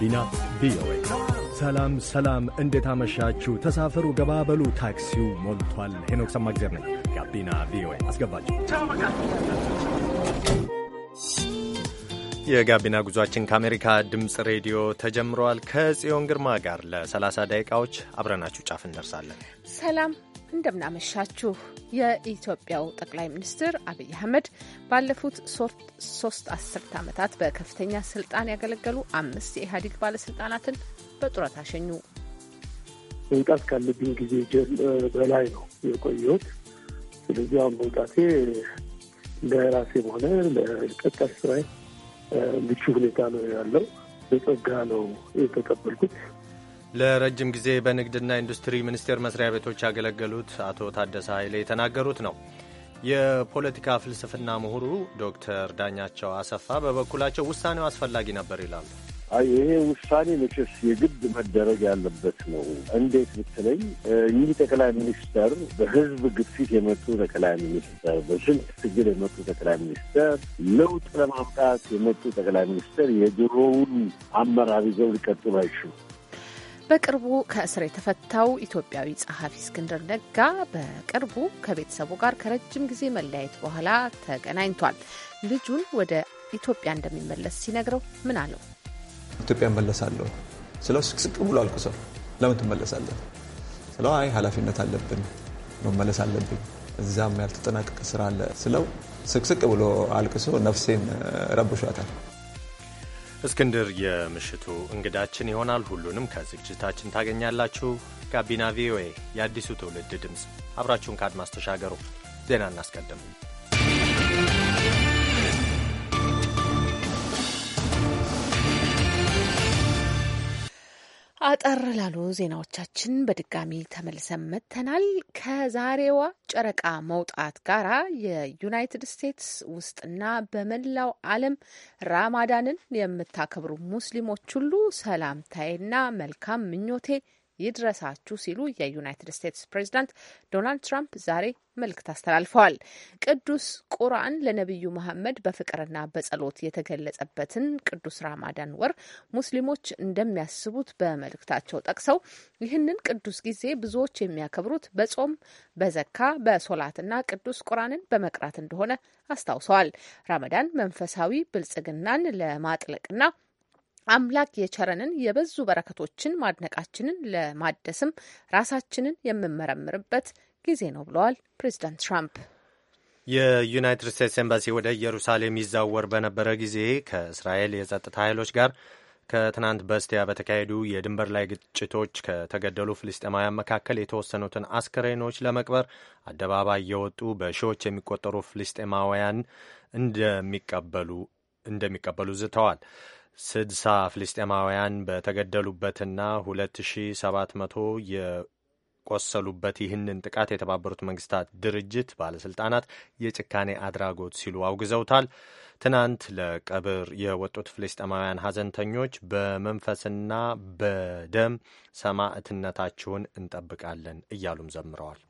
ጋቢና ቪኦኤ። ሰላም ሰላም፣ እንዴት አመሻችሁ? ተሳፈሩ፣ ገባበሉ፣ ታክሲው ሞልቷል። ሄኖክ ሰማግዜር ነኝ። ጋቢና ቪኦኤ አስገባችሁ። የጋቢና ጉዟችን ከአሜሪካ ድምፅ ሬዲዮ ተጀምረዋል። ከጽዮን ግርማ ጋር ለ30 ደቂቃዎች አብረናችሁ ጫፍ እንደርሳለን። ሰላም እንደምናመሻችሁ። የኢትዮጵያው ጠቅላይ ሚኒስትር አብይ አህመድ ባለፉት ሶስት አስርት ዓመታት በከፍተኛ ስልጣን ያገለገሉ አምስት የኢህአዴግ ባለስልጣናትን በጡረታ ሸኙ። መውጣት ካለብኝ ጊዜ በላይ ነው የቆየሁት። ስለዚህ አሁን መውጣቴ ለራሴም ሆነ ለቀጣይ ስራዬ ምቹ ሁኔታ ነው ያለው። በጸጋ ነው የተቀበልኩት። ለረጅም ጊዜ በንግድና ኢንዱስትሪ ሚኒስቴር መስሪያ ቤቶች ያገለገሉት አቶ ታደሰ ኃይሌ የተናገሩት ነው። የፖለቲካ ፍልስፍና ምሁሩ ዶክተር ዳኛቸው አሰፋ በበኩላቸው ውሳኔው አስፈላጊ ነበር ይላሉ። አይ ይሄ ውሳኔ መቼስ የግድ መደረግ ያለበት ነው። እንዴት ብትለኝ እኚህ ጠቅላይ ሚኒስተር በህዝብ ግፊት የመጡ ጠቅላይ ሚኒስተር፣ በስንት ትግል የመጡ ጠቅላይ ሚኒስተር፣ ለውጥ ለማምጣት የመጡ ጠቅላይ ሚኒስተር የድሮውን አመራር ይዘው ሊቀጥሉ አይችሉም። በቅርቡ ከእስር የተፈታው ኢትዮጵያዊ ጸሐፊ እስክንድር ነጋ በቅርቡ ከቤተሰቡ ጋር ከረጅም ጊዜ መለያየት በኋላ ተገናኝቷል። ልጁን ወደ ኢትዮጵያ እንደሚመለስ ሲነግረው ምን አለው? ኢትዮጵያ እመለሳለሁ ስለው ስቅስቅ ብሎ ሰው ለምን ትመለሳለህ ስለው አይ ኃላፊነት አለብን መመለስ አለብኝ እዛም ያልተጠናቀቀ ስራ አለ ስለው ስቅስቅ ብሎ አልቅሶ ነፍሴን ረብሿታል። እስክንድር የምሽቱ እንግዳችን ይሆናል። ሁሉንም ከዝግጅታችን ታገኛላችሁ። ጋቢና ቪኦኤ የአዲሱ ትውልድ ድምፅ፣ አብራችሁን ከአድማስ ተሻገሩ። ዜና እናስቀድም። አጠር ላሉ ዜናዎቻችን በድጋሚ ተመልሰን መጥተናል። ከዛሬዋ ጨረቃ መውጣት ጋር የዩናይትድ ስቴትስ ውስጥና በመላው ዓለም ራማዳንን የምታከብሩ ሙስሊሞች ሁሉ ሰላምታዬና መልካም ምኞቴ ይድረሳችሁ ሲሉ የዩናይትድ ስቴትስ ፕሬዚዳንት ዶናልድ ትራምፕ ዛሬ መልእክት አስተላልፈዋል። ቅዱስ ቁርአን ለነቢዩ መሐመድ በፍቅርና በጸሎት የተገለጸበትን ቅዱስ ራማዳን ወር ሙስሊሞች እንደሚያስቡት በመልእክታቸው ጠቅሰው ይህንን ቅዱስ ጊዜ ብዙዎች የሚያከብሩት በጾም፣ በዘካ፣ በሶላትና ቅዱስ ቁርአንን በመቅራት እንደሆነ አስታውሰዋል። ራማዳን መንፈሳዊ ብልጽግናን ለማጥለቅና አምላክ የቸረንን የበዙ በረከቶችን ማድነቃችንን ለማደስም ራሳችንን የምንመረምርበት ጊዜ ነው ብለዋል ፕሬዚዳንት ትራምፕ። የዩናይትድ ስቴትስ ኤምባሲ ወደ ኢየሩሳሌም ይዛወር በነበረ ጊዜ ከእስራኤል የጸጥታ ኃይሎች ጋር ከትናንት በስቲያ በተካሄዱ የድንበር ላይ ግጭቶች ከተገደሉ ፍልስጤማውያን መካከል የተወሰኑትን አስከሬኖች ለመቅበር አደባባይ የወጡ በሺዎች የሚቆጠሩ ፍልስጤማውያን እንደሚቀበሉ እንደሚቀበሉ ዝተዋል። ስድሳ ፍልስጤማውያን በተገደሉበትና ሁለት ሺ ሰባት መቶ የቆሰሉበት ይህንን ጥቃት የተባበሩት መንግስታት ድርጅት ባለስልጣናት የጭካኔ አድራጎት ሲሉ አውግዘውታል። ትናንት ለቀብር የወጡት ፍልስጤማውያን ሐዘንተኞች በመንፈስና በደም ሰማዕትነታችሁን እንጠብቃለን እያሉም ዘምረዋል።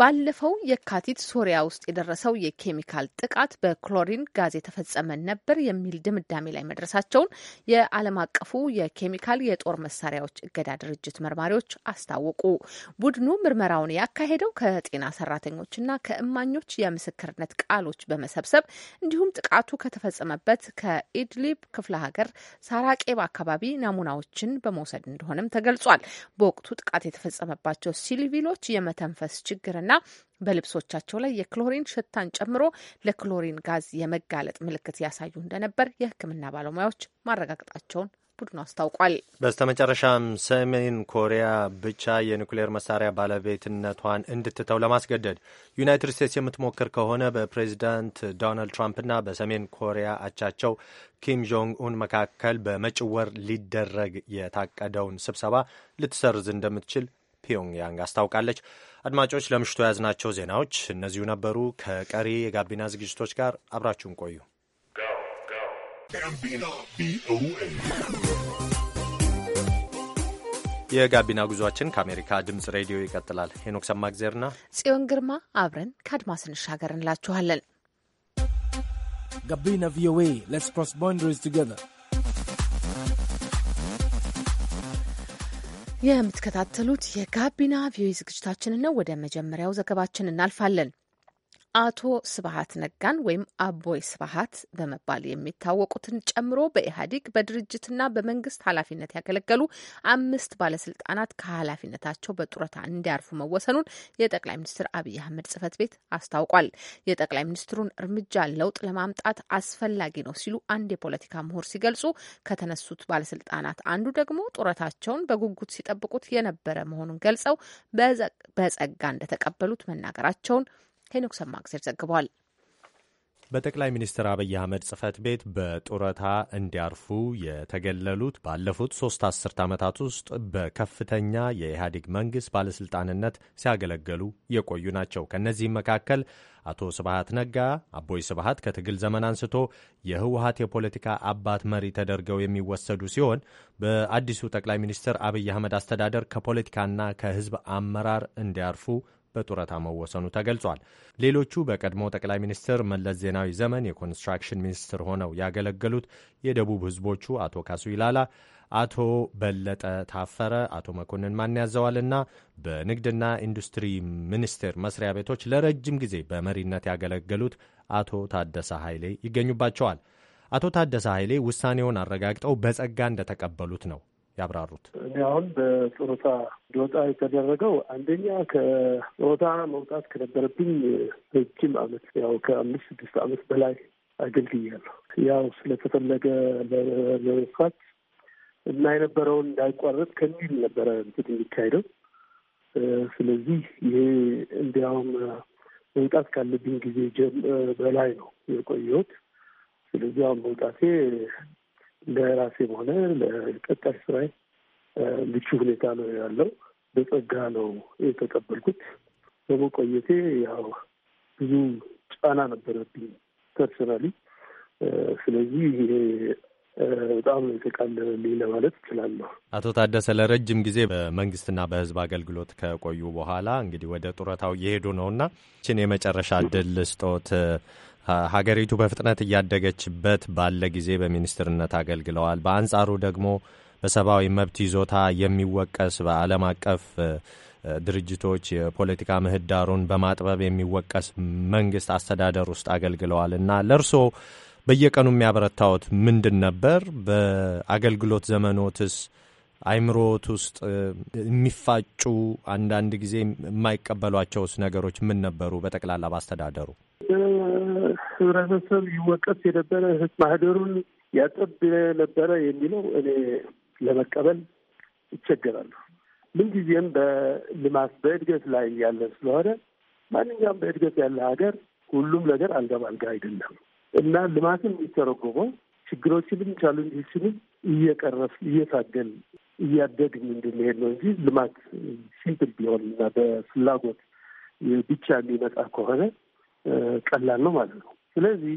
ባለፈው የካቲት ሶሪያ ውስጥ የደረሰው የኬሚካል ጥቃት በክሎሪን ጋዝ የተፈጸመ ነበር የሚል ድምዳሜ ላይ መድረሳቸውን የዓለም አቀፉ የኬሚካል የጦር መሳሪያዎች እገዳ ድርጅት መርማሪዎች አስታወቁ። ቡድኑ ምርመራውን ያካሄደው ከጤና ሰራተኞችና ከእማኞች የምስክርነት ቃሎች በመሰብሰብ እንዲሁም ጥቃቱ ከተፈጸመበት ከኢድሊብ ክፍለ ሀገር ሳራቄብ አካባቢ ናሙናዎችን በመውሰድ እንደሆነም ተገልጿል። በወቅቱ ጥቃት የተፈጸመባቸው ሲቪሎች የመተንፈስ ችግር መጨመርና በልብሶቻቸው ላይ የክሎሪን ሽታን ጨምሮ ለክሎሪን ጋዝ የመጋለጥ ምልክት ያሳዩ እንደነበር የሕክምና ባለሙያዎች ማረጋገጣቸውን ቡድኑ አስታውቋል። በስተመጨረሻም ሰሜን ኮሪያ ብቻ የኒውክሌር መሳሪያ ባለቤትነቷን እንድትተው ለማስገደድ ዩናይትድ ስቴትስ የምትሞክር ከሆነ በፕሬዚዳንት ዶናልድ ትራምፕና በሰሜን ኮሪያ አቻቸው ኪም ጆንግ ኡን መካከል በመጪው ወር ሊደረግ የታቀደውን ስብሰባ ልትሰርዝ እንደምትችል ፒዮንግያንግ አስታውቃለች። አድማጮች ለምሽቱ የያዝናቸው ዜናዎች እነዚሁ ነበሩ። ከቀሪ የጋቢና ዝግጅቶች ጋር አብራችሁን ቆዩ። የጋቢና ጉዟችን ከአሜሪካ ድምጽ ሬዲዮ ይቀጥላል። ሄኖክ ሰማግዜርና ጽዮን ግርማ አብረን ከአድማስ እንሻገር እንላችኋለን። ጋቢና ቪኦኤ ሌትስ ክሮስ ባውንደሪስ ቱጌዘር የምትከታተሉት የጋቢና ቪዮኤ ዝግጅታችንን ነው። ወደ መጀመሪያው ዘገባችን እናልፋለን። አቶ ስብሀት ነጋን ወይም አቦይ ስብሀት በመባል የሚታወቁትን ጨምሮ በኢህአዴግ በድርጅትና በመንግስት ኃላፊነት ያገለገሉ አምስት ባለስልጣናት ከኃላፊነታቸው በጡረታ እንዲያርፉ መወሰኑን የጠቅላይ ሚኒስትር አብይ አህመድ ጽህፈት ቤት አስታውቋል። የጠቅላይ ሚኒስትሩን እርምጃ ለውጥ ለማምጣት አስፈላጊ ነው ሲሉ አንድ የፖለቲካ ምሁር ሲገልጹ፣ ከተነሱት ባለስልጣናት አንዱ ደግሞ ጡረታቸውን በጉጉት ሲጠብቁት የነበረ መሆኑን ገልጸው በጸጋ እንደተቀበሉት መናገራቸውን ሄኖክ ሰማእግዜር ዘግቧል። በጠቅላይ ሚኒስትር አብይ አህመድ ጽህፈት ቤት በጡረታ እንዲያርፉ የተገለሉት ባለፉት ሶስት አስርት ዓመታት ውስጥ በከፍተኛ የኢህአዴግ መንግስት ባለስልጣንነት ሲያገለገሉ የቆዩ ናቸው። ከእነዚህም መካከል አቶ ስብሃት ነጋ፣ አቦይ ስብሃት ከትግል ዘመን አንስቶ የህወሀት የፖለቲካ አባት መሪ ተደርገው የሚወሰዱ ሲሆን በአዲሱ ጠቅላይ ሚኒስትር አብይ አህመድ አስተዳደር ከፖለቲካና ከህዝብ አመራር እንዲያርፉ በጡረታ መወሰኑ ተገልጿል። ሌሎቹ በቀድሞ ጠቅላይ ሚኒስትር መለስ ዜናዊ ዘመን የኮንስትራክሽን ሚኒስትር ሆነው ያገለገሉት የደቡብ ህዝቦቹ አቶ ካሱ ይላላ፣ አቶ በለጠ ታፈረ፣ አቶ መኮንን ማን ማንያዘዋልና በንግድና ኢንዱስትሪ ሚኒስቴር መስሪያ ቤቶች ለረጅም ጊዜ በመሪነት ያገለገሉት አቶ ታደሰ ኃይሌ ይገኙባቸዋል። አቶ ታደሰ ኃይሌ ውሳኔውን አረጋግጠው በጸጋ እንደተቀበሉት ነው ያብራሩት። እኔ አሁን በጾታ እንድወጣ የተደረገው አንደኛ ከጾታ መውጣት ከነበረብኝ ረጅም አመት ያው ከአምስት ስድስት አመት በላይ አገልግያለሁ። ያው ስለተፈለገ ለመስፋት እና የነበረውን እንዳይቋረጥ ከሚል ነበረ እንትን የሚካሄደው። ስለዚህ ይሄ እንዲያውም መውጣት ካለብኝ ጊዜ በላይ ነው የቆየሁት። ስለዚህ አሁን መውጣቴ ለራሴም ሆነ ለቀጣይ ስራይ ምቹ ሁኔታ ነው ያለው። በጸጋ ነው የተቀበልኩት። በመቆየቴ ያው ብዙ ጫና ነበረብኝ ፐርሰናሊ። ስለዚህ ይሄ በጣም የተቃለለልኝ ለማለት እችላለሁ። አቶ ታደሰ ለረጅም ጊዜ በመንግስትና በህዝብ አገልግሎት ከቆዩ በኋላ እንግዲህ ወደ ጡረታው እየሄዱ ነውና ችን የመጨረሻ እድል ስጦት ሀገሪቱ በፍጥነት እያደገችበት ባለ ጊዜ በሚኒስትርነት አገልግለዋል። በአንጻሩ ደግሞ በሰብአዊ መብት ይዞታ የሚወቀስ በዓለም አቀፍ ድርጅቶች የፖለቲካ ምህዳሩን በማጥበብ የሚወቀስ መንግስት አስተዳደር ውስጥ አገልግለዋል እና ለእርስዎ በየቀኑ የሚያበረታዎት ምንድን ነበር? በአገልግሎት ዘመኖትስ አይምሮት ውስጥ የሚፋጩ አንዳንድ ጊዜ የማይቀበሏቸውስ ነገሮች ምን ነበሩ? በጠቅላላ ባስተዳደሩ ህብረተሰብ ይወቀስ የነበረ ማህደሩን ያጠብ ነበረ የሚለው እኔ ለመቀበል ይቸገራሉ። ምንጊዜም በልማት በእድገት ላይ ያለ ስለሆነ ማንኛውም በእድገት ያለ ሀገር ሁሉም ነገር አልጋ ባልጋ አይደለም እና ልማትን የሚተረጎመው ችግሮችንም ቻለንጆችንም እየቀረፍ እየታገል እያደግን እንድንሄድ ነው እንጂ ልማት ሲምፕል ቢሆን እና በፍላጎት ብቻ የሚመጣ ከሆነ ቀላል ነው ማለት ነው። ስለዚህ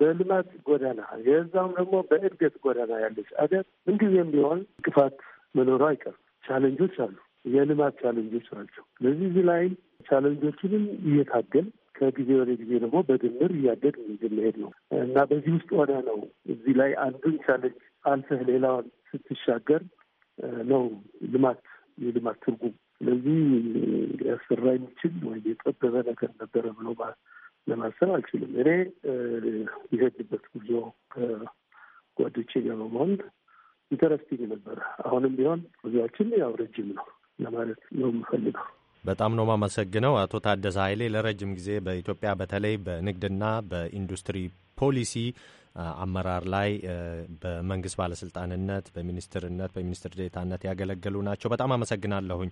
በልማት ጎዳና የዛም ደግሞ በእድገት ጎዳና ያለች አገር ምንጊዜም ቢሆን እንቅፋት መኖሩ አይቀርም። ቻለንጆች አሉ፣ የልማት ቻለንጆች ናቸው። ስለዚህ እዚህ ላይ ቻለንጆችንም እየታገል ከጊዜ ወደ ጊዜ ደግሞ በድምር እያደግ መሄድ ነው እና በዚህ ውስጥ ሆነ ነው እዚህ ላይ አንዱን ቻለንጅ አልፈህ ሌላውን ስትሻገር ነው ልማት የልማት ትርጉም ስለዚህ ሊያሰራ የሚችል ወይ የጠበበ ነገር ነበረ ብሎ ለማሰብ አልችልም። እኔ የሄድበት ጉዞ ከጓዶቼ ጋር በመሆን ኢንተረስቲንግ ነበረ። አሁንም ቢሆን ጉዞችን ያው ረጅም ነው ለማለት ነው የምፈልገው። በጣም ነው የማመሰግነው አቶ ታደሰ ኃይሌ ለረጅም ጊዜ በኢትዮጵያ በተለይ በንግድና በኢንዱስትሪ ፖሊሲ አመራር ላይ በመንግስት ባለስልጣንነት፣ በሚኒስትርነት፣ በሚኒስትር ዴታነት ያገለገሉ ናቸው። በጣም አመሰግናለሁኝ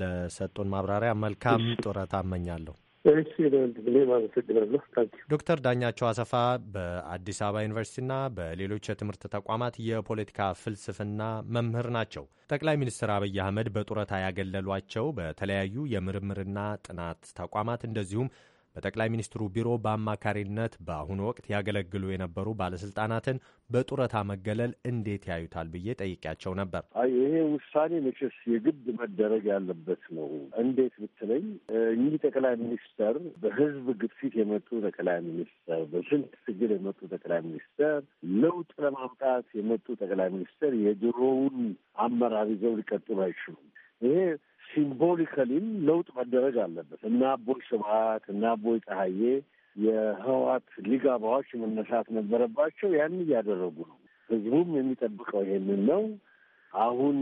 ለሰጡን ማብራሪያ። መልካም ጡረታ አመኛለሁ። ዶክተር ዳኛቸው አሰፋ በአዲስ አበባ ዩኒቨርሲቲና በሌሎች የትምህርት ተቋማት የፖለቲካ ፍልስፍና መምህር ናቸው። ጠቅላይ ሚኒስትር አብይ አህመድ በጡረታ ያገለሏቸው በተለያዩ የምርምርና ጥናት ተቋማት እንደዚሁም በጠቅላይ ሚኒስትሩ ቢሮ በአማካሪነት በአሁኑ ወቅት ያገለግሉ የነበሩ ባለስልጣናትን በጡረታ መገለል እንዴት ያዩታል ብዬ ጠይቄያቸው ነበር። ይሄ ውሳኔ መቼስ የግድ መደረግ ያለበት ነው። እንዴት ብትለኝ እኚህ ጠቅላይ ሚኒስተር በህዝብ ግፊት የመጡ ጠቅላይ ሚኒስተር፣ በስንት ትግል የመጡ ጠቅላይ ሚኒስተር፣ ለውጥ ለማምጣት የመጡ ጠቅላይ ሚኒስተር የድሮውን አመራር ይዘው ሊቀጥሉ አይችሉም። ይሄ ሲምቦሊካሊም ለውጥ መደረግ አለበት እና አቦይ ስብሀት እና አቦይ ፀሐዬ የህዋት ሊግ አባዎች መነሳት ነበረባቸው። ያን እያደረጉ ነው። ህዝቡም የሚጠብቀው ይሄንን ነው። አሁን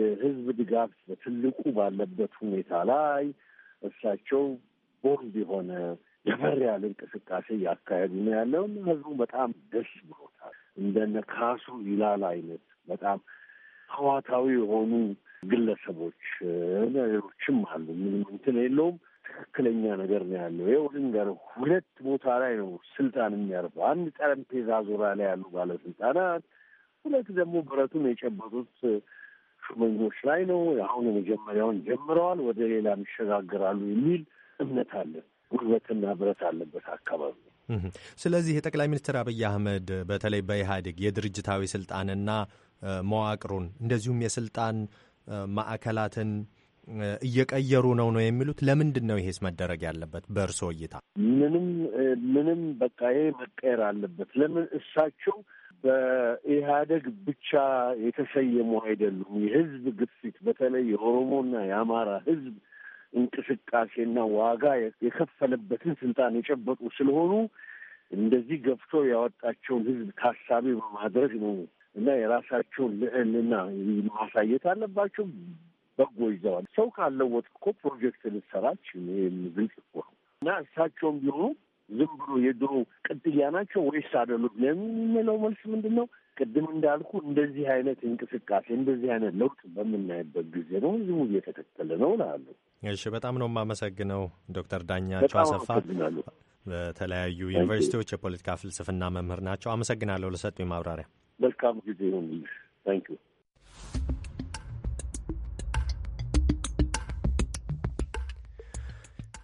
የህዝብ ድጋፍ በትልቁ ባለበት ሁኔታ ላይ እሳቸው ቦልድ የሆነ የበር ያለ እንቅስቃሴ እያካሄዱ ነው ያለውን ህዝቡ በጣም ደስ ብሎታል። እንደነ ካሱ ይላል አይነት በጣም ህዋታዊ የሆኑ ግለሰቦች ሌሎችም አሉ። ምንም እንትን የለውም። ትክክለኛ ነገር ነው ያለው። ይኸው ልንገርህ፣ ሁለት ቦታ ላይ ነው ስልጣን የሚያርፈው። አንድ ጠረጴዛ ዙሪያ ላይ ያሉ ባለስልጣናት፣ ሁለት ደግሞ ብረቱን የጨበጡት ሹመኞች ላይ ነው። አሁን የመጀመሪያውን ጀምረዋል፣ ወደ ሌላ ይሸጋግራሉ የሚል እምነት አለ። ጉልበትና ብረት አለበት አካባቢ። ስለዚህ የጠቅላይ ሚኒስትር አብይ አህመድ በተለይ በኢህአዴግ የድርጅታዊ ስልጣንና መዋቅሩን እንደዚሁም የስልጣን ማዕከላትን እየቀየሩ ነው ነው የሚሉት። ለምንድን ነው ይሄስ መደረግ ያለበት በእርሶ እይታ? ምንም ምንም በቃ ይሄ መቀየር አለበት። ለምን እሳቸው በኢህአደግ ብቻ የተሰየሙ አይደሉም። የህዝብ ግፊት በተለይ የኦሮሞና የአማራ ህዝብ እንቅስቃሴና ዋጋ የከፈለበትን ስልጣን የጨበጡ ስለሆኑ እንደዚህ ገፍቶ ያወጣቸውን ህዝብ ታሳቢ በማድረግ ነው እና የራሳቸውን ልዕልና ማሳየት አለባቸው። በጎ ይዘዋል። ሰው ካለወጥ እኮ ፕሮጀክት ልሰራች ግልጽ እኮ ነው። እና እሳቸውም ቢሆኑ ዝም ብሎ የድሮ ቅጥያ ናቸው ወይስ አይደሉም ለሚለው መልስ ምንድን ነው? ቅድም እንዳልኩ እንደዚህ አይነት እንቅስቃሴ እንደዚህ አይነት ለውጥ በምናይበት ጊዜ ነው ህዝቡ እየተከተለ ነው ላሉ። እሺ፣ በጣም ነው የማመሰግነው ዶክተር ዳኛቸው አሰፋ በተለያዩ ዩኒቨርሲቲዎች የፖለቲካ ፍልስፍና መምህር ናቸው። አመሰግናለሁ ለሰጡኝ ማብራሪያ። መልካም ጊዜ ይሁንልሽ። ታንኪዩ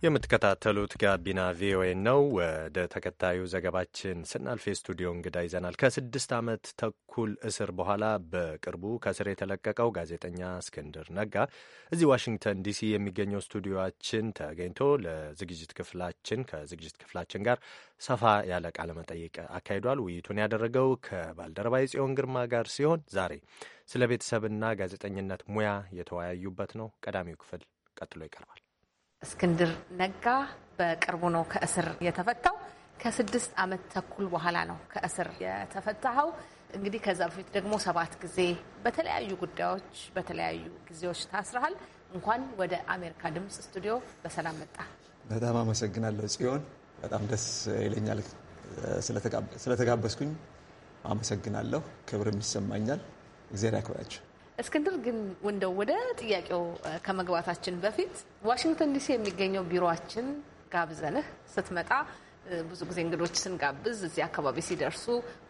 የምትከታተሉት ጋቢና ቪኦኤ ነው። ወደ ተከታዩ ዘገባችን ስናልፍ የስቱዲዮ እንግዳ ይዘናል። ከስድስት ዓመት ተኩል እስር በኋላ በቅርቡ ከእስር የተለቀቀው ጋዜጠኛ እስክንድር ነጋ እዚህ ዋሽንግተን ዲሲ የሚገኘው ስቱዲዮችን ተገኝቶ ለዝግጅት ክፍላችን ከዝግጅት ክፍላችን ጋር ሰፋ ያለ ቃለ መጠይቅ አካሂዷል። ውይይቱን ያደረገው ከባልደረባ የጽዮን ግርማ ጋር ሲሆን ዛሬ ስለ ቤተሰብና ጋዜጠኝነት ሙያ የተወያዩበት ነው። ቀዳሚው ክፍል ቀጥሎ ይቀርባል። እስክንድር ነጋ በቅርቡ ነው ከእስር የተፈታው። ከስድስት ዓመት ተኩል በኋላ ነው ከእስር የተፈታኸው። እንግዲህ ከዛ በፊት ደግሞ ሰባት ጊዜ በተለያዩ ጉዳዮች በተለያዩ ጊዜዎች ታስረሃል። እንኳን ወደ አሜሪካ ድምፅ ስቱዲዮ በሰላም መጣ። በጣም አመሰግናለሁ ጽዮን። በጣም ደስ ይለኛል ስለተጋበዝኩኝ አመሰግናለሁ። ክብርም ይሰማኛል። እግዜር ያክብራቸው። እስክንድር ግን እንደው ወደ ጥያቄው ከመግባታችን በፊት ዋሽንግተን ዲሲ የሚገኘው ቢሮችን ጋብዘንህ ስትመጣ ብዙ ጊዜ እንግዶች ስንጋብዝ እዚህ አካባቢ ሲደርሱ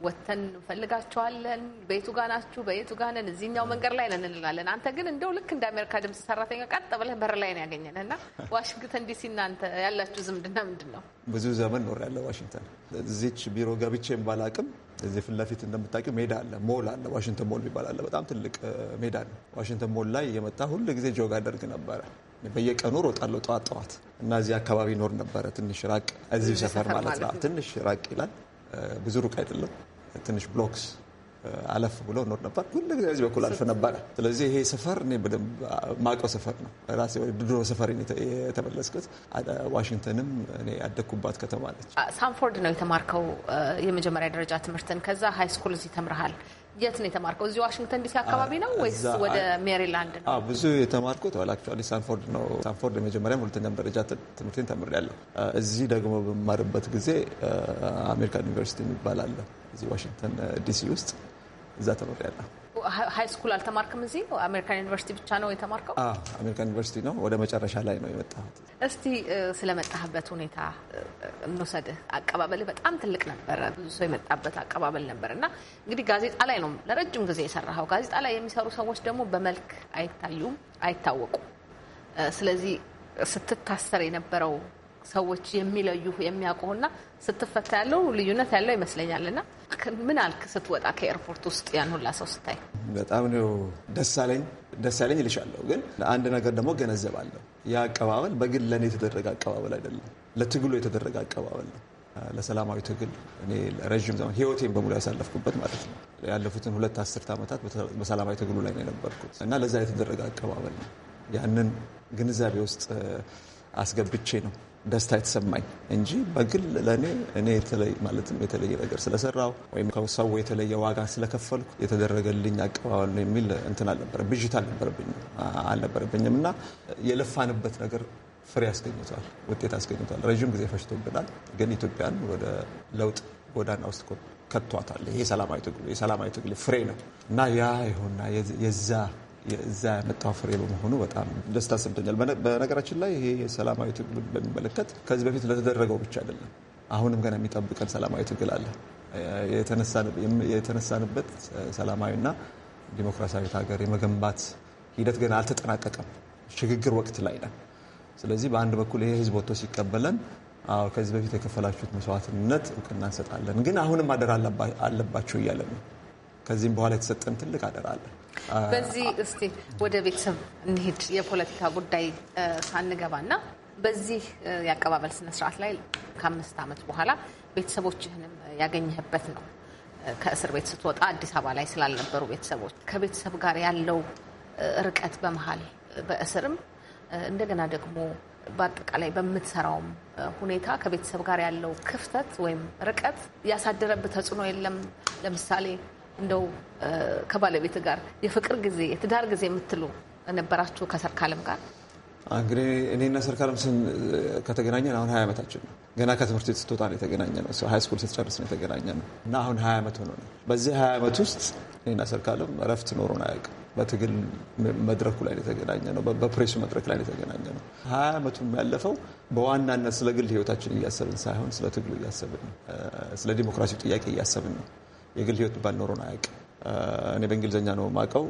ወጥተን እንፈልጋቸዋለን። በየቱ ጋ ናችሁ? በየቱ ጋ ነን? እዚህኛው መንገድ ላይ ነን እንላለን። አንተ ግን እንደው ልክ እንደ አሜሪካ ድምጽ ሰራተኛ ቀጥ ብለህ በር ላይ ነው ያገኘን እና ዋሽንግተን ዲሲ እናንተ ያላችሁ ዝምድና ምንድን ነው? ብዙ ዘመን ኖር ያለ ዋሽንግተን እዚች ቢሮ ገብቼ ባላቅም እዚህ ፊት ለፊት እንደምታውቂው ሜዳ አለ፣ ሞል አለ። ዋሽንግተን ሞል የሚባል አለ። በጣም ትልቅ ሜዳ ነው። ዋሽንግተን ሞል ላይ የመጣ ሁሉ ጊዜ ጆግ አደርግ ነበረ። በየቀኑ ሮጣለሁ ጠዋት ጠዋት እና እዚህ አካባቢ ኖር ነበረ። ትንሽ ራቅ እዚህ ሰፈር ማለት ነው። ትንሽ ራቅ ይላል። ብዙ ሩቅ አይደለም። ትንሽ ብሎክስ አለፍ ብሎ ኖር ነበር። ሁሉ ጊዜ እዚህ በኩል አልፍ ነበረ። ስለዚህ ይሄ ሰፈር እኔ በደንብ ማውቀው ሰፈር ነው። ራሴ ወደ ድሮ ሰፈር የተመለስኩት ዋሽንግተንም እኔ ያደግኩባት ከተማ ነች። ሳንፎርድ ነው የተማርከው የመጀመሪያ ደረጃ ትምህርትን። ከዛ ሃይ ስኩል እዚህ ተምርሃል። የት ነው የተማርከው? እዚህ ዋሽንግተን ዲሲ አካባቢ ነው ወይስ ወደ ሜሪላንድ ነው? ብዙ የተማርኩት አክቹዋሊ ሳንፎርድ ነው። ሳንፎርድ የመጀመሪያም ሁለተኛም ደረጃ ትምህርቴን ተምሬያለሁ። እዚህ ደግሞ በምማርበት ጊዜ አሜሪካን ዩኒቨርሲቲ የሚባል አለ እዚህ ዋሽንግተን ዲሲ ውስጥ እዛ ተምሬያለሁ። ሀይ ስኩል አልተማርክም? እዚህ አሜሪካን ዩኒቨርሲቲ ብቻ ነው የተማርከው? አሜሪካን ዩኒቨርሲቲ ነው። ወደ መጨረሻ ላይ ነው የመጣሁት። እስቲ ስለመጣህበት ሁኔታ እንውሰድህ። አቀባበል በጣም ትልቅ ነበረ። ብዙ ሰው የመጣበት አቀባበል ነበር እና እንግዲህ ጋዜጣ ላይ ነው ለረጅም ጊዜ የሰራኸው። ጋዜጣ ላይ የሚሰሩ ሰዎች ደግሞ በመልክ አይታዩም፣ አይታወቁም። ስለዚህ ስትታሰር የነበረው ሰዎች የሚለዩ የሚያውቁና ስትፈታ ያለው ልዩነት ያለው ይመስለኛል። ና ምን አልክ ስትወጣ ከኤርፖርት ውስጥ ያን ሁላ ሰው ስታይ? በጣም ነው ደሳለኝ ደሳለኝ ይልሻለሁ። ግን አንድ ነገር ደግሞ ገነዘባለሁ። ያ አቀባበል በግል ለእኔ የተደረገ አቀባበል አይደለም፣ ለትግሉ የተደረገ አቀባበል ነው። ለሰላማዊ ትግል እኔ ረዥም ዘመን ህይወቴን በሙሉ ያሳለፍኩበት ማለት ነው። ያለፉትን ሁለት አስርት ዓመታት በሰላማዊ ትግሉ ላይ ነው የነበርኩት እና ለዛ የተደረገ አቀባበል ነው። ያንን ግንዛቤ ውስጥ አስገብቼ ነው ደስታ የተሰማኝ እንጂ በግል ለእኔ እኔ የተለይ ማለትም የተለየ ነገር ስለሰራው ወይም ከሰው የተለየ ዋጋ ስለከፈልኩ የተደረገልኝ አቀባበል ነው የሚል እንትን አልነበረ ብዥት አልነበረብኝም እና የለፋንበት ነገር ፍሬ አስገኝቷል፣ ውጤት አስገኝቷል። ረዥም ጊዜ ፈጅቶብናል፣ ግን ኢትዮጵያን ወደ ለውጥ ጎዳና ውስጥ ከቷታል። ይሄ የሰላማዊ ትግል ፍሬ ነው እና ያ ይሁና የዛ እዛ ያመጣው ፍሬ በመሆኑ በጣም ደስታ ሰምቶኛል። በነገራችን ላይ ይሄ የሰላማዊ ትግል በሚመለከት ከዚህ በፊት ለተደረገው ብቻ አይደለም፣ አሁንም ገና የሚጠብቀን ሰላማዊ ትግል አለ። የተነሳንበት ሰላማዊና ዲሞክራሲያዊት ሀገር የመገንባት ሂደት ገና አልተጠናቀቀም። ሽግግር ወቅት ላይ ነን። ስለዚህ በአንድ በኩል ይሄ ህዝብ ወጥቶ ሲቀበለን ከዚህ በፊት የከፈላችሁት መስዋዕትነት እውቅና እንሰጣለን፣ ግን አሁንም አደራ አለባቸው እያለን ነው ከዚህም በኋላ የተሰጠን ትልቅ አደራ አለ። በዚህ እስቲ ወደ ቤተሰብ እንሄድ የፖለቲካ ጉዳይ ሳንገባና በዚህ የአቀባበል ስነስርዓት ላይ ከአምስት ዓመት በኋላ ቤተሰቦችህንም ያገኘህበት ነው። ከእስር ቤት ስትወጣ አዲስ አበባ ላይ ስላልነበሩ ቤተሰቦች ከቤተሰብ ጋር ያለው ርቀት በመሀል በእስርም እንደገና ደግሞ በአጠቃላይ በምትሰራውም ሁኔታ ከቤተሰብ ጋር ያለው ክፍተት ወይም ርቀት ያሳደረብህ ተጽዕኖ የለም? ለምሳሌ እንደው ከባለቤት ጋር የፍቅር ጊዜ የትዳር ጊዜ የምትሉ ነበራችሁ? ከሰርካለም ጋር እንግዲህ እኔና ሰርካለም ከተገናኘን አሁን ሀያ ዓመታችን ነው። ገና ከትምህርት ቤት ስትወጣ ነው የተገናኘ ነው። ሀይ ስኩል ስትጨርስ ነው የተገናኘ ነው እና አሁን ሀያ ዓመት ሆኖ ነው። በዚህ ሀያ ዓመት ውስጥ እኔና ሰርካለም እረፍት ኖሮን አያውቅም። በትግል መድረኩ ላይ የተገናኘ ነው። በፕሬሱ መድረክ ላይ የተገናኘ ነው። ሀያ ዓመቱ የሚያለፈው በዋናነት ስለ ግል ህይወታችን እያሰብን ሳይሆን ስለ ትግሉ እያሰብን ነው። ስለ ዲሞክራሲው ጥያቄ እያሰብን ነው። የግል ህይወት የሚባል ኖሮን አያውቅም። እኔ በእንግሊዝኛ ነው የማውቀው።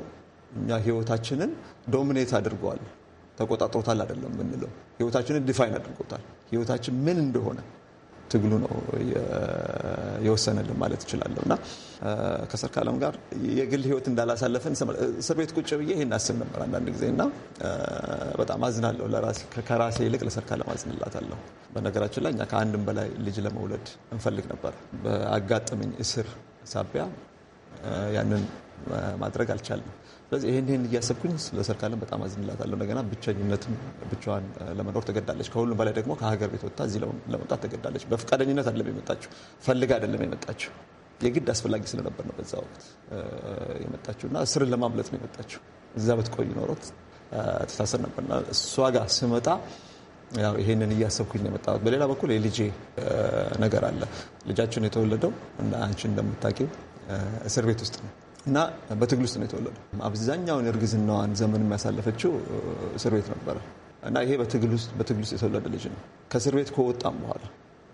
እኛ ህይወታችንን ዶሚኔት አድርገዋል፣ ተቆጣጥሮታል አይደለም የምንለው ህይወታችንን ዲፋይን አድርጎታል። ህይወታችን ምን እንደሆነ ትግሉ ነው የወሰነልን ማለት እችላለሁ። እና ከሰርካለም ጋር የግል ህይወት እንዳላሳለፍን እስር ቤት ቁጭ ብዬ ይህን አስብ ነበር አንዳንድ ጊዜ እና በጣም አዝናለሁ። ከራሴ ይልቅ ለሰርካለም ዓለም አዝንላታለሁ። በነገራችን ላይ እኛ ከአንድም በላይ ልጅ ለመውለድ እንፈልግ ነበር። በአጋጠመኝ እስር ሳቢያ ያንን ማድረግ አልቻለም። ስለዚህ ይህን ይህን እያሰብኩኝ ስለሰርካለም በጣም አዝንላታለሁ። እንደገና ብቸኝነትም ብቻዋን ለመኖር ተገዳለች። ከሁሉም በላይ ደግሞ ከሀገር ቤት ወጥታ እዚህ ለመምጣት ተገዳለች። በፈቃደኝነት አይደለም የመጣችው፣ ፈልጋ አይደለም የመጣችው፣ የግድ አስፈላጊ ስለነበር ነው በዛ ወቅት የመጣችው እና እስርን ለማምለጥ ነው የመጣችው። እዛ ብትቆይ ኖሮት ትታሰር ነበርና እሷ ጋር ስመጣ ይሄንን እያሰብኩኝ የመጣት የመጣሁት። በሌላ በኩል የልጄ ነገር አለ። ልጃችን የተወለደው እንደ አንቺ እንደምታውቂው እስር ቤት ውስጥ ነው እና በትግል ውስጥ ነው የተወለደው። አብዛኛውን እርግዝናዋን ዘመን የሚያሳለፈችው እስር ቤት ነበረ እና ይሄ በትግል ውስጥ በትግል ውስጥ የተወለደ ልጅ ነው። ከእስር ቤት ከወጣም በኋላ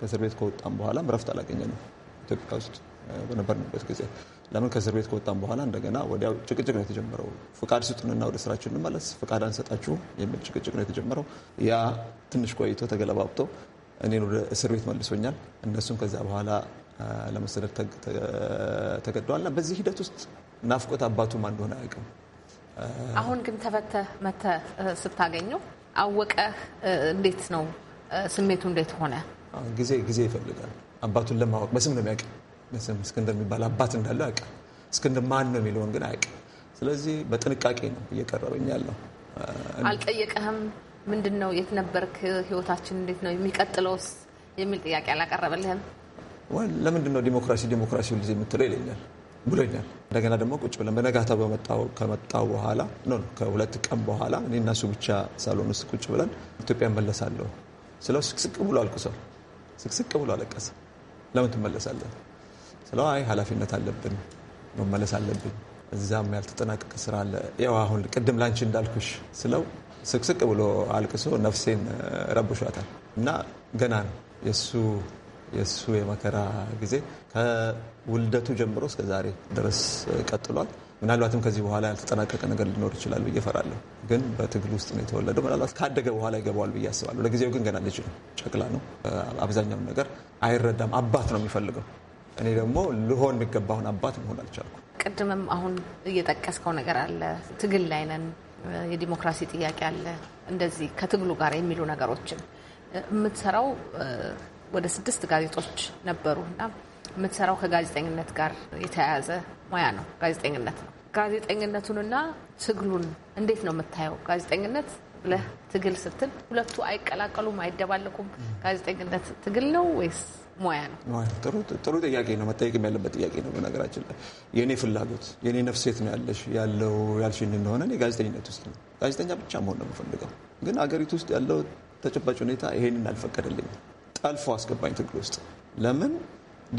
ከእስር ቤት ከወጣም በኋላም ረፍት አላገኘንም ኢትዮጵያ ውስጥ በነበርንበት ጊዜ ለምን ከእስር ቤት ከወጣን በኋላ እንደገና ወዲያው ጭቅጭቅ ነው የተጀመረው። ፍቃድ ስጡንና ወደ ስራችን እንመለስ፣ ፍቃድ አንሰጣችሁ የሚል ጭቅጭቅ ነው የተጀመረው። ያ ትንሽ ቆይቶ ተገለባብቶ እኔን ወደ እስር ቤት መልሶኛል። እነሱም ከዛ በኋላ ለመሰደድ ተገደዋልና በዚህ ሂደት ውስጥ ናፍቆት አባቱ ማን እንደሆነ አያውቅም። አሁን ግን ተፈተህ መተህ ስታገኘው አወቀህ። እንዴት ነው ስሜቱ? እንዴት ሆነ? ጊዜ ጊዜ ይፈልጋል። አባቱን ለማወቅ በስም ነው የሚያውቅ እስክንድር የሚባል አባት እንዳለ አያውቅም። እስክንድር ማን ነው የሚለውን ግን አያውቅም። ስለዚህ በጥንቃቄ ነው እየቀረበኝ ያለው። አልጠየቀህም? ምንድን ነው የት ነበርክ? ህይወታችን እንዴት ነው የሚቀጥለውስ? የሚል ጥያቄ አላቀረበልህም? ለምንድን ነው ዲሞክራሲ ዲሞክራሲ ሁልጊዜ የምትለው ይለኛል ብሎኛል። እንደገና ደግሞ ቁጭ ብለን በነጋታ ከመጣው በኋላ ኖ ከሁለት ቀን በኋላ እኔ እና እሱ ብቻ ሳሎን ውስጥ ቁጭ ብለን ኢትዮጵያ እመለሳለሁ ስለው ስቅስቅ ብሎ አልቅሷል። ስቅስቅ ብሎ አለቀሰ። ለምን ትመለሳለህ? ስለው አይ ኃላፊነት አለብን መመለስ አለብኝ እዛም ያልተጠናቀቀ ስራ አለ። ያው አሁን ቅድም ላንቺ እንዳልኩሽ ስለው ስቅስቅ ብሎ አልቅሶ ነፍሴን ረብሿታል እና ገና ነው የእሱ የእሱ የመከራ ጊዜ ከውልደቱ ጀምሮ እስከ ዛሬ ድረስ ቀጥሏል። ምናልባትም ከዚህ በኋላ ያልተጠናቀቀ ነገር ሊኖር ይችላል ብዬ እፈራለሁ። ግን በትግል ውስጥ ነው የተወለደው። ምናልባት ካደገ በኋላ ይገባዋል ብዬ አስባለሁ። ለጊዜው ግን ገና ልጅ ነው፣ ጨቅላ ነው። አብዛኛውን ነገር አይረዳም። አባት ነው የሚፈልገው እኔ ደግሞ ልሆን የሚገባውን አባት መሆን አልቻልኩ። ቅድምም አሁን እየጠቀስከው ነገር አለ። ትግል ላይ ነን፣ የዲሞክራሲ ጥያቄ አለ። እንደዚህ ከትግሉ ጋር የሚሉ ነገሮችን የምትሰራው ወደ ስድስት ጋዜጦች ነበሩ እና የምትሰራው ከጋዜጠኝነት ጋር የተያያዘ ሙያ ነው፣ ጋዜጠኝነት ነው። ጋዜጠኝነቱንና ትግሉን እንዴት ነው የምታየው? ጋዜጠኝነት ብለህ ትግል ስትል ሁለቱ አይቀላቀሉም፣ አይደባለቁም? ጋዜጠኝነት ትግል ነው ወይስ ሙያ ነው። ጥሩ ጥያቄ ነው። መጠየቅ ያለበት ጥያቄ ነው። በነገራችን ላይ የእኔ ፍላጎት የእኔ ነፍሴት ነው ያለሽ ያለው ያልሽን እንደሆነ እኔ ጋዜጠኝነት ውስጥ ነው ጋዜጠኛ ብቻ መሆን ነው የምፈልገው። ግን አገሪቱ ውስጥ ያለው ተጨባጭ ሁኔታ ይሄንን አልፈቀደልኝም። ጠልፎ አስገባኝ ትግል ውስጥ ለምን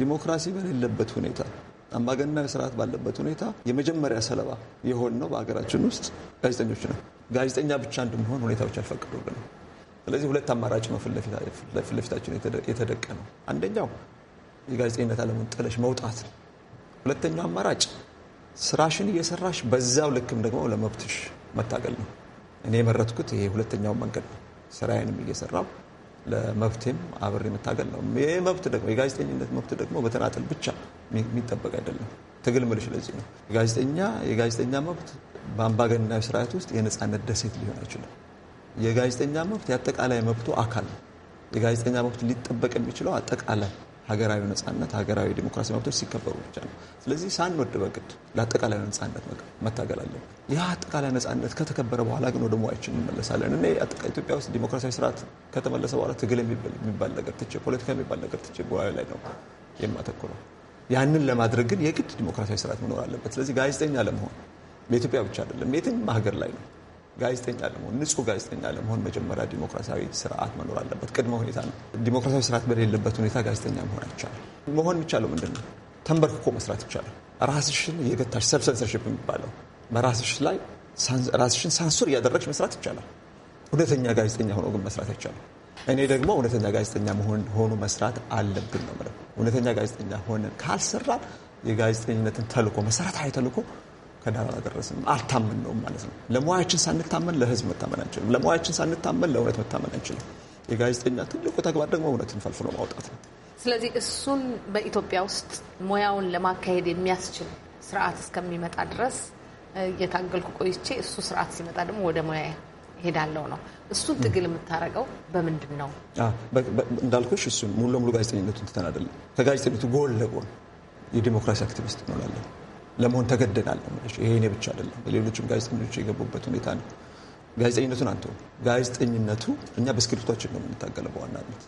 ዲሞክራሲ በሌለበት ሁኔታ አምባገነናዊ ስርዓት ባለበት ሁኔታ የመጀመሪያ ሰለባ የሆን ነው በሀገራችን ውስጥ ጋዜጠኞች ነው። ጋዜጠኛ ብቻ እንድንሆን ሁኔታዎች አልፈቀዱልንም። ስለዚህ ሁለት አማራጭ ነው ፊት ለፊታችን የተደቀነው። አንደኛው የጋዜጠኝነት ዓለሙን ጥለሽ መውጣት፣ ሁለተኛው አማራጭ ስራሽን እየሰራሽ በዛው ልክም ደግሞ ለመብትሽ መታገል ነው። እኔ የመረጥኩት ይሄ ሁለተኛው መንገድ ነው። ስራዬንም እየሰራው ለመብቴም አብሬ መታገል ነው። ይህ መብት ደግሞ የጋዜጠኝነት መብት ደግሞ በተናጠል ብቻ የሚጠበቅ አይደለም። ትግል ምልሽ ለዚህ ነው የጋዜጠኛ የጋዜጠኛ መብት በአምባገናዊ ስርዓት ውስጥ የነፃነት ደሴት ሊሆን አይችልም። የጋዜጠኛ መብት የአጠቃላይ መብቱ አካል ነው። የጋዜጠኛ መብት ሊጠበቅ የሚችለው አጠቃላይ ሀገራዊ ነጻነት፣ ሀገራዊ ዲሞክራሲ መብቶች ሲከበሩ ብቻ ነው። ስለዚህ ሳንወድ በግድ ለአጠቃላይ ነጻነት መታገል አለ። ያ አጠቃላይ ነጻነት ከተከበረ በኋላ ግን ወደ ሟችን እንመለሳለን። እኔ ኢትዮጵያ ውስጥ ዲሞክራሲያዊ ስርዓት ከተመለሰ በኋላ ትግል የሚባል ነገር ትቼ፣ ፖለቲካ የሚባል ነገር ትቼ ጉባኤ ላይ ነው የማተኩረው። ያንን ለማድረግ ግን የግድ ዲሞክራሲያዊ ስርዓት መኖር አለበት። ስለዚህ ጋዜጠኛ ለመሆን ለኢትዮጵያ ብቻ አይደለም፣ የትም ሀገር ላይ ነው ጋዜጠኛ ለመሆን ንጹህ ጋዜጠኛ ለመሆን መጀመሪያ ዲሞክራሲያዊ ስርዓት መኖር አለበት። ቅድመ ሁኔታ ነው። ዲሞክራሲያዊ ስርዓት በሌለበት ሁኔታ ጋዜጠኛ መሆን አይቻልም። መሆን የሚቻለው ምንድን ነው? ተንበርክኮ መስራት ይቻላል። ራስሽን የገታሽ ሰልፍ ሰንሰርሽፕ የሚባለው በራስሽ ላይ ራስሽን ሳንሱር እያደረግሽ መስራት ይቻላል። እውነተኛ ጋዜጠኛ ሆኖ ግን መስራት አይቻልም። እኔ ደግሞ እውነተኛ ጋዜጠኛ መሆን ሆኖ መስራት አለብን ነው የምለው። እውነተኛ ጋዜጠኛ ሆነ ካልሰራ የጋዜጠኝነትን ተልዕኮ መሰረታዊ ተልዕኮ ከዳር አላደረስንም። አልታመን ነው ማለት ነው። ለሙያችን ሳንታመን ለህዝብ መታመን አንችልም። ለሙያችን ሳንታመን ለእውነት መታመን አንችልም። የጋዜጠኛ ትልቁ ተግባር ደግሞ እውነትን ፈልፍሎ ማውጣት ነው። ስለዚህ እሱን በኢትዮጵያ ውስጥ ሙያውን ለማካሄድ የሚያስችል ስርዓት እስከሚመጣ ድረስ እየታገልኩ ቆይቼ እሱ ስርዓት ሲመጣ ደግሞ ወደ ሙያ ሄዳለው ነው። እሱን ትግል የምታደርገው በምንድን ነው? እንዳልኩሽ እሱን ሙሉ ለሙሉ ጋዜጠኝነቱን ትተን አይደለም፣ ከጋዜጠኝነቱ ጎን ለጎን የዲሞክራሲ አክቲቪስት እንሆናለን። ለመሆን ተገደናል። ይሄ እኔ ብቻ አይደለም፣ ሌሎችም ጋዜጠኞች የገቡበት ሁኔታ ነው። ጋዜጠኝነቱን አንተ ጋዜጠኝነቱ እኛ በእስክሪፕቷችን ነው የምንታገለው በዋናነት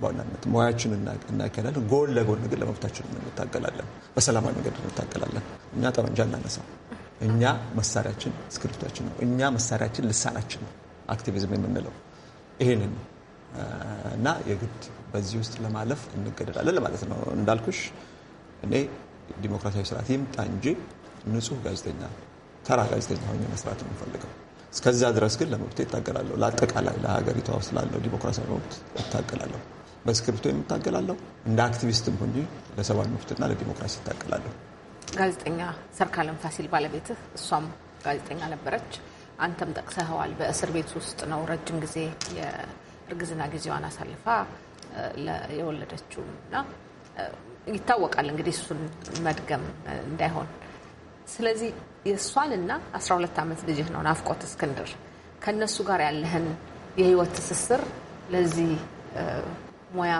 በዋናነት ሙያችን እናካሄዳለን። ጎን ለጎን ግን ለመብታችን እንታገላለን። በሰላማዊ መንገድ እንታገላለን። እኛ ጠመንጃ እናነሳ፣ እኛ መሳሪያችን እስክሪፕቷችን ነው። እኛ መሳሪያችን ልሳናችን ነው። አክቲቪዝም የምንለው ይሄንን ነው እና የግድ በዚህ ውስጥ ለማለፍ እንገደዳለን ለማለት ነው። እንዳልኩሽ እኔ ዲሞክራሲያዊ ስርዓት ይምጣ እንጂ ንጹህ ጋዜጠኛ ተራ ጋዜጠኛ ሆኜ መስራት የምፈልገው። እስከዛ ድረስ ግን ለመብት ይታገላለሁ። ለአጠቃላይ ለሀገሪቷ ውስጥ ላለው ዲሞክራሲያዊ መብት ይታገላለሁ። በእስክሪብቶ የምታገላለሁ እንደ አክቲቪስትም እንጂ ለሰብአዊ መብትና ለዲሞክራሲ ይታገላለሁ። ጋዜጠኛ ሰርካለም ፋሲል ባለቤትህ እሷም ጋዜጠኛ ነበረች። አንተም ጠቅሰኸዋል። በእስር ቤት ውስጥ ነው ረጅም ጊዜ የእርግዝና ጊዜዋን አሳልፋ የወለደችው እና ይታወቃል እንግዲህ እሱን መድገም እንዳይሆን። ስለዚህ የእሷንና ሁለት ዓመት ልጅህ ነው ናፍቆት እስክንድር ከእነሱ ጋር ያለህን የህይወት ትስስር ለዚህ ሙያ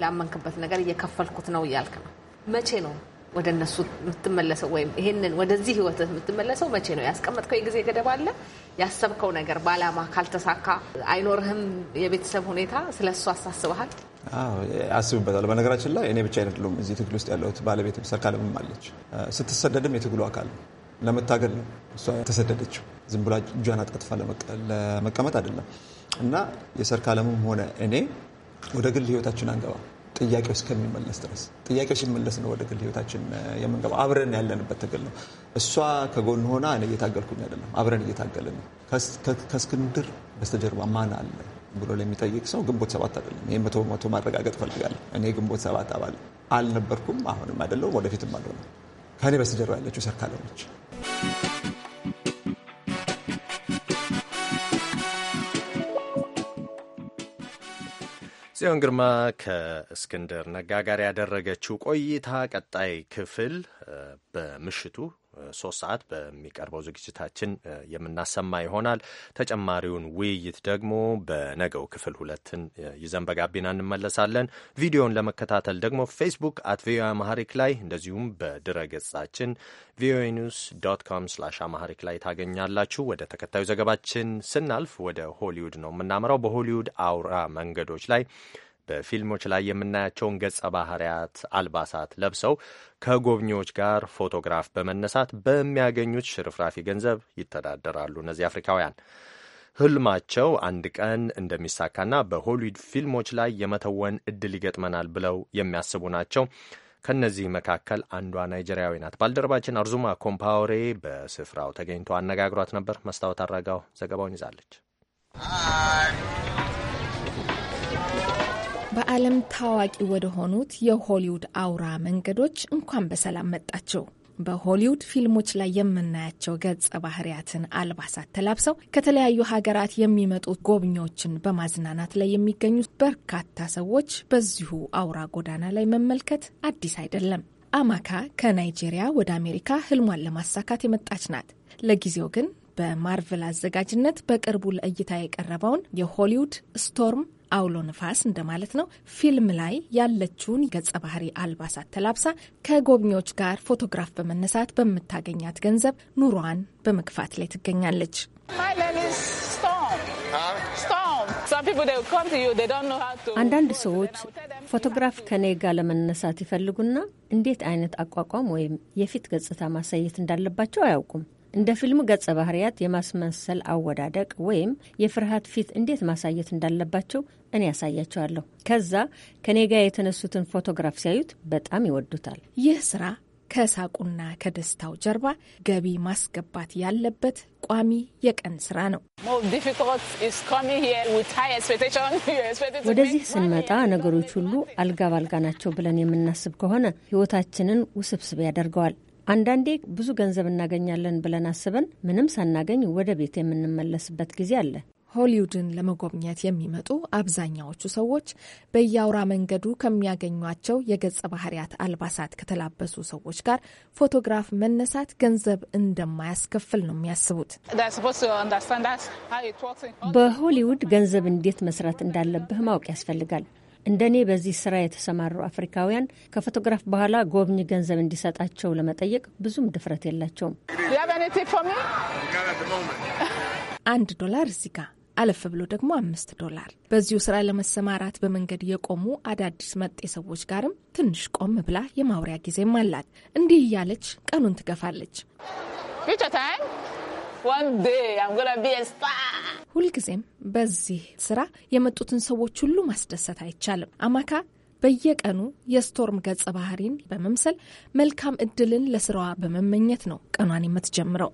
ላመንክበት ነገር እየከፈልኩት ነው እያልክ ነው። መቼ ነው ወደ እነሱ የምትመለሰው? ወይም ይህንን ወደዚህ ህይወት የምትመለሰው መቼ ነው? ያስቀመጥከው የጊዜ ገደብ አለ? ያሰብከው ነገር ባላማ ካልተሳካ አይኖርህም? የቤተሰብ ሁኔታ ስለ እሱ አሳስበሃል? አስብበታል። በነገራችን ላይ እኔ ብቻ አይደለሁም እዚህ ትግል ውስጥ ያለሁት፣ ባለቤት ሰርካለምም አለች። ስትሰደድም የትግሉ አካል ነው ለመታገል ነው እሷ የተሰደደችው። ዝም ብላ እጇን አጣጥፋ ለመቀመጥ አይደለም። እና የሰርካለምም ሆነ እኔ ወደ ግል ህይወታችን አንገባ ጥያቄው እስከሚመለስ ድረስ ጥያቄው ሲመለስ ነው ወደ ግል ህይወታችን የምንገባ። አብረን ያለንበት ትግል ነው። እሷ ከጎን ሆና እኔ እየታገልኩኝ አይደለም፣ አብረን እየታገልን ነው። ከእስክንድር በስተጀርባ ማን አለ? ብሎ ለሚጠይቅ ሰው ግንቦት ሰባት አይደለም። ይህ መቶ መቶ ማረጋገጥ ፈልጋለሁ። እኔ ግንቦት ሰባት አባል አልነበርኩም፣ አሁንም አይደለሁም፣ ወደፊትም አልሆንም። ከእኔ በስተጀርባ ያለችው ሰርካለም ነች። ጽዮን ግርማ ከእስክንድር ነጋ ጋር ያደረገችው ቆይታ ቀጣይ ክፍል በምሽቱ ሶስት ሰዓት በሚቀርበው ዝግጅታችን የምናሰማ ይሆናል። ተጨማሪውን ውይይት ደግሞ በነገው ክፍል ሁለትን ይዘን በጋቢና እንመለሳለን። ቪዲዮን ለመከታተል ደግሞ ፌስቡክ አት ቪኦኤ አማሃሪክ ላይ እንደዚሁም በድረ ገጻችን ቪኦኤ ኒውስ ዶት ኮም ስላሽ አማሃሪክ ላይ ታገኛላችሁ። ወደ ተከታዩ ዘገባችን ስናልፍ ወደ ሆሊውድ ነው የምናመራው በሆሊውድ አውራ መንገዶች ላይ በፊልሞች ላይ የምናያቸውን ገጸ ባህሪያት አልባሳት ለብሰው ከጎብኚዎች ጋር ፎቶግራፍ በመነሳት በሚያገኙት ሽርፍራፊ ገንዘብ ይተዳደራሉ። እነዚህ አፍሪካውያን ህልማቸው አንድ ቀን እንደሚሳካና በሆሊውድ ፊልሞች ላይ የመተወን እድል ይገጥመናል ብለው የሚያስቡ ናቸው። ከነዚህ መካከል አንዷ ናይጄሪያዊ ናት። ባልደረባችን አርዙማ ኮምፓወሬ በስፍራው ተገኝቶ አነጋግሯት ነበር። መስታወት አድራጋው ዘገባውን ይዛለች። በዓለም ታዋቂ ወደ ሆኑት የሆሊውድ አውራ መንገዶች እንኳን በሰላም መጣቸው። በሆሊውድ ፊልሞች ላይ የምናያቸው ገጸ ባህሪያትን አልባሳት ተላብሰው ከተለያዩ ሀገራት የሚመጡ ጎብኚዎችን በማዝናናት ላይ የሚገኙ በርካታ ሰዎች በዚሁ አውራ ጎዳና ላይ መመልከት አዲስ አይደለም። አማካ ከናይጄሪያ ወደ አሜሪካ ህልሟን ለማሳካት የመጣች ናት። ለጊዜው ግን በማርቨል አዘጋጅነት በቅርቡ ለእይታ የቀረበውን የሆሊውድ ስቶርም አውሎ ነፋስ እንደማለት ነው። ፊልም ላይ ያለችውን ገጸ ባህሪ አልባሳት ተላብሳ ከጎብኚዎች ጋር ፎቶግራፍ በመነሳት በምታገኛት ገንዘብ ኑሯን በመግፋት ላይ ትገኛለች። አንዳንድ ሰዎች ፎቶግራፍ ከኔ ጋር ለመነሳት ይፈልጉና እንዴት አይነት አቋቋም ወይም የፊት ገጽታ ማሳየት እንዳለባቸው አያውቁም። እንደ ፊልሙ ገጸ ባህርያት የማስመሰል አወዳደቅ ወይም የፍርሃት ፊት እንዴት ማሳየት እንዳለባቸው እኔ ያሳያቸዋለሁ። ከዛ ከኔ ጋር የተነሱትን ፎቶግራፍ ሲያዩት በጣም ይወዱታል። ይህ ስራ ከሳቁና ከደስታው ጀርባ ገቢ ማስገባት ያለበት ቋሚ የቀን ስራ ነው። ወደዚህ ስንመጣ ነገሮች ሁሉ አልጋ ባልጋ ናቸው ብለን የምናስብ ከሆነ ህይወታችንን ውስብስብ ያደርገዋል። አንዳንዴ ብዙ ገንዘብ እናገኛለን ብለን አስበን ምንም ሳናገኝ ወደ ቤት የምንመለስበት ጊዜ አለ። ሆሊውድን ለመጎብኘት የሚመጡ አብዛኛዎቹ ሰዎች በየአውራ መንገዱ ከሚያገኟቸው የገጸ ባህሪያት አልባሳት ከተላበሱ ሰዎች ጋር ፎቶግራፍ መነሳት ገንዘብ እንደማያስከፍል ነው የሚያስቡት። በሆሊውድ ገንዘብ እንዴት መስራት እንዳለብህ ማወቅ ያስፈልጋል። እንደ እኔ በዚህ ስራ የተሰማሩ አፍሪካውያን ከፎቶግራፍ በኋላ ጎብኝ ገንዘብ እንዲሰጣቸው ለመጠየቅ ብዙም ድፍረት የላቸውም። አንድ ዶላር እዚህ ጋር አለፍ ብሎ ደግሞ አምስት ዶላር። በዚሁ ስራ ለመሰማራት በመንገድ የቆሙ አዳዲስ መጤ ሰዎች ጋርም ትንሽ ቆም ብላ የማውሪያ ጊዜም አላት። እንዲህ እያለች ቀኑን ትገፋለች። ሁልጊዜም በዚህ ስራ የመጡትን ሰዎች ሁሉ ማስደሰት አይቻልም። አማካ በየቀኑ የስቶርም ገጸ ባህሪን በመምሰል መልካም እድልን ለስራዋ በመመኘት ነው ቀኗን የምትጀምረው።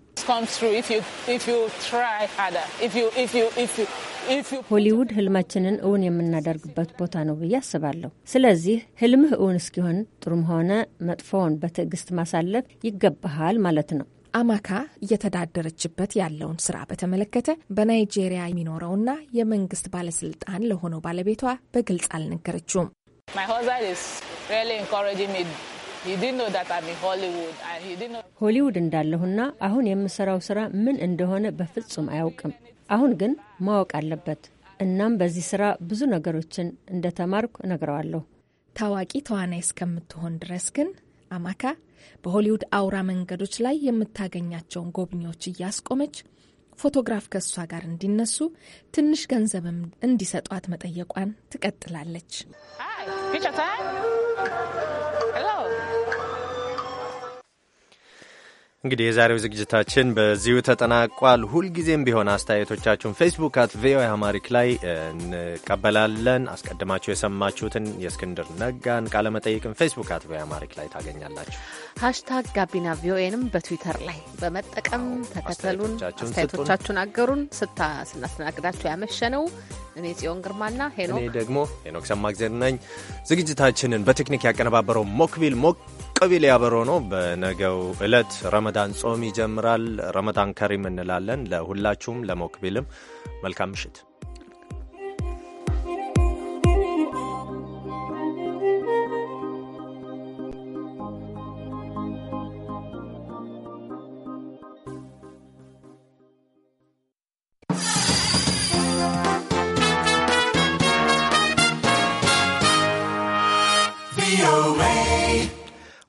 ሆሊውድ ህልማችንን እውን የምናደርግበት ቦታ ነው ብዬ አስባለሁ። ስለዚህ ህልምህ እውን እስኪሆን ጥሩም ሆነ መጥፎውን በትዕግስት ማሳለፍ ይገባሃል ማለት ነው። አማካ እየተዳደረችበት ያለውን ስራ በተመለከተ በናይጄሪያ የሚኖረውና የመንግስት ባለስልጣን ለሆነው ባለቤቷ በግልጽ አልነገረችውም። ሆሊውድ እንዳለሁና አሁን የምሰራው ስራ ምን እንደሆነ በፍጹም አያውቅም። አሁን ግን ማወቅ አለበት። እናም በዚህ ስራ ብዙ ነገሮችን እንደተማርኩ እነግረዋለሁ። ታዋቂ ተዋናይ እስከምትሆን ድረስ ግን አማካ በሆሊውድ አውራ መንገዶች ላይ የምታገኛቸውን ጎብኚዎች እያስቆመች ፎቶግራፍ ከእሷ ጋር እንዲነሱ ትንሽ ገንዘብም እንዲሰጧት መጠየቋን ትቀጥላለች። እንግዲህ የዛሬው ዝግጅታችን በዚሁ ተጠናቋል። ሁልጊዜም ቢሆን አስተያየቶቻችሁን ፌስቡክ አት ቪኦኤ አማሪክ ላይ እንቀበላለን። አስቀድማችሁ የሰማችሁትን የእስክንድር ነጋን ቃለመጠይቅን ፌስቡክ አት ቪኦኤ አማሪክ ላይ ታገኛላችሁ። ሀሽታግ ጋቢና ቪኦኤንም በትዊተር ላይ በመጠቀም ተከተሉን፣ አስተያየቶቻችሁን አገሩን። ስታ ስናስተናግዳችሁ ያመሸ ነው እኔ ጽዮን ግርማና ሄኖክ እኔ ደግሞ ሄኖክ ሰማግዜር ነኝ። ዝግጅታችንን በቴክኒክ ያቀነባበረው ሞክቢል ሞክ ቀቢል ያበሮ ነው። በነገው ዕለት ረመዳን ጾም ይጀምራል። ረመዳን ከሪም እንላለን። ለሁላችሁም ለሞክቢልም መልካም ምሽት።